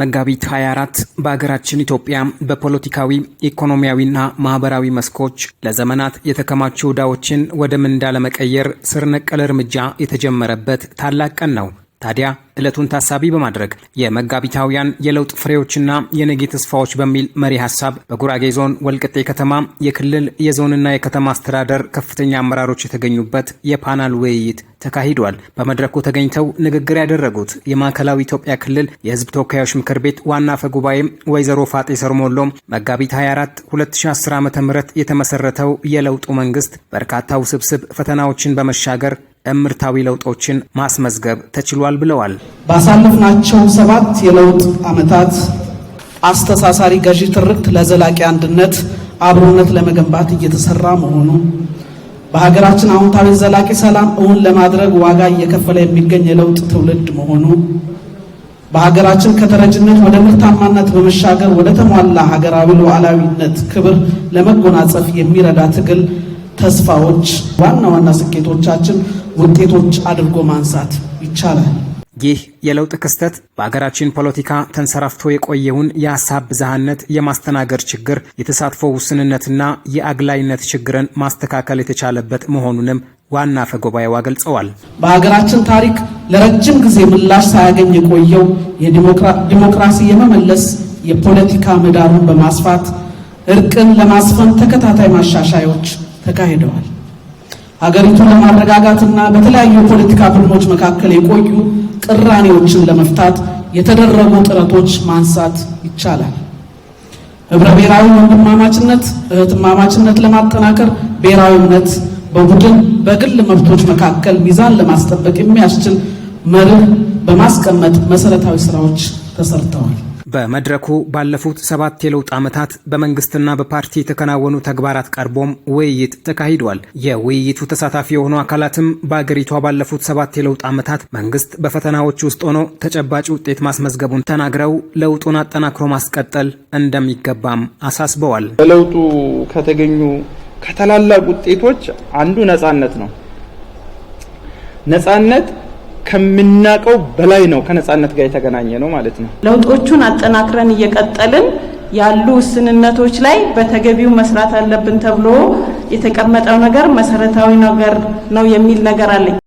መጋቢት 24 በሀገራችን ኢትዮጵያ በፖለቲካዊ ኢኮኖሚያዊና ማህበራዊ መስኮች ለዘመናት የተከማቹ ዕዳዎችን ወደ ምንዳ ለመቀየር ስር እርምጃ የተጀመረበት ታላቅ ቀን ነው። ታዲያ ዕለቱን ታሳቢ በማድረግ የመጋቢታውያን የለውጥ ፍሬዎችና የነገ ተስፋዎች በሚል መሪ ሀሳብ በጉራጌ ዞን ወልቅጤ ከተማ የክልል የዞንና የከተማ አስተዳደር ከፍተኛ አመራሮች የተገኙበት የፓናል ውይይት ተካሂዷል። በመድረኩ ተገኝተው ንግግር ያደረጉት የማዕከላዊ ኢትዮጵያ ክልል የህዝብ ተወካዮች ምክር ቤት ዋና አፈ ጉባኤም ወይዘሮ ፋጤ ሰርሞሎም መጋቢት 24 2010 ዓ ም የተመሰረተው የለውጡ መንግስት በርካታ ውስብስብ ፈተናዎችን በመሻገር እምርታዊ ለውጦችን ማስመዝገብ ተችሏል ብለዋል። ባሳለፍናቸው ሰባት የለውጥ ዓመታት አስተሳሳሪ ገዢ ትርክት ለዘላቂ አንድነት፣ አብሮነት ለመገንባት እየተሰራ መሆኑ በሀገራችን አዎንታዊ ዘላቂ ሰላም እውን ለማድረግ ዋጋ እየከፈለ የሚገኝ የለውጥ ትውልድ መሆኑ በሀገራችን ከተረጅነት ወደ ምርታማነት በመሻገር ወደ ተሟላ ሀገራዊ ሉዓላዊነት ክብር ለመጎናጸፍ የሚረዳ ትግል ተስፋዎች ዋና ዋና ስኬቶቻችን ውጤቶች አድርጎ ማንሳት ይቻላል። ይህ የለውጥ ክስተት በአገራችን ፖለቲካ ተንሰራፍቶ የቆየውን የሀሳብ ብዝሃነት የማስተናገድ ችግር፣ የተሳትፎ ውስንነትና የአግላይነት ችግርን ማስተካከል የተቻለበት መሆኑንም ዋና አፈ ጉባኤዋ ገልጸዋል። በሀገራችን ታሪክ ለረጅም ጊዜ ምላሽ ሳያገኝ የቆየው የዲሞክራሲ የመመለስ የፖለቲካ ምህዳሩን በማስፋት እርቅን ለማስፈን ተከታታይ ማሻሻዮች ተካሂደዋል። ሀገሪቱን ለማረጋጋትና በተለያዩ የፖለቲካ ፍልሞች መካከል የቆዩ ቅራኔዎችን ለመፍታት የተደረጉ ጥረቶች ማንሳት ይቻላል። ህብረ ብሔራዊ ወንድማማችነት፣ እህትማማችነት ለማጠናከር ብሔራዊ እምነት በቡድን በግል መብቶች መካከል ሚዛን ለማስጠበቅ የሚያስችል መርህ በማስቀመጥ መሰረታዊ ስራዎች ተሰርተዋል። በመድረኩ ባለፉት ሰባት የለውጥ ዓመታት በመንግስትና በፓርቲ የተከናወኑ ተግባራት ቀርቦም ውይይት ተካሂዷል። የውይይቱ ተሳታፊ የሆኑ አካላትም በአገሪቷ ባለፉት ሰባት የለውጥ ዓመታት መንግስት በፈተናዎች ውስጥ ሆኖ ተጨባጭ ውጤት ማስመዝገቡን ተናግረው ለውጡን አጠናክሮ ማስቀጠል እንደሚገባም አሳስበዋል። በለውጡ ከተገኙ ከታላላቅ ውጤቶች አንዱ ነጻነት ነው። ነጻነት ከምናቀው በላይ ነው። ከነጻነት ጋር የተገናኘ ነው ማለት ነው። ለውጦቹን አጠናክረን እየቀጠልን ያሉ ውስንነቶች ላይ በተገቢው መስራት አለብን ተብሎ የተቀመጠው ነገር መሰረታዊ ነገር ነው የሚል ነገር አለኝ።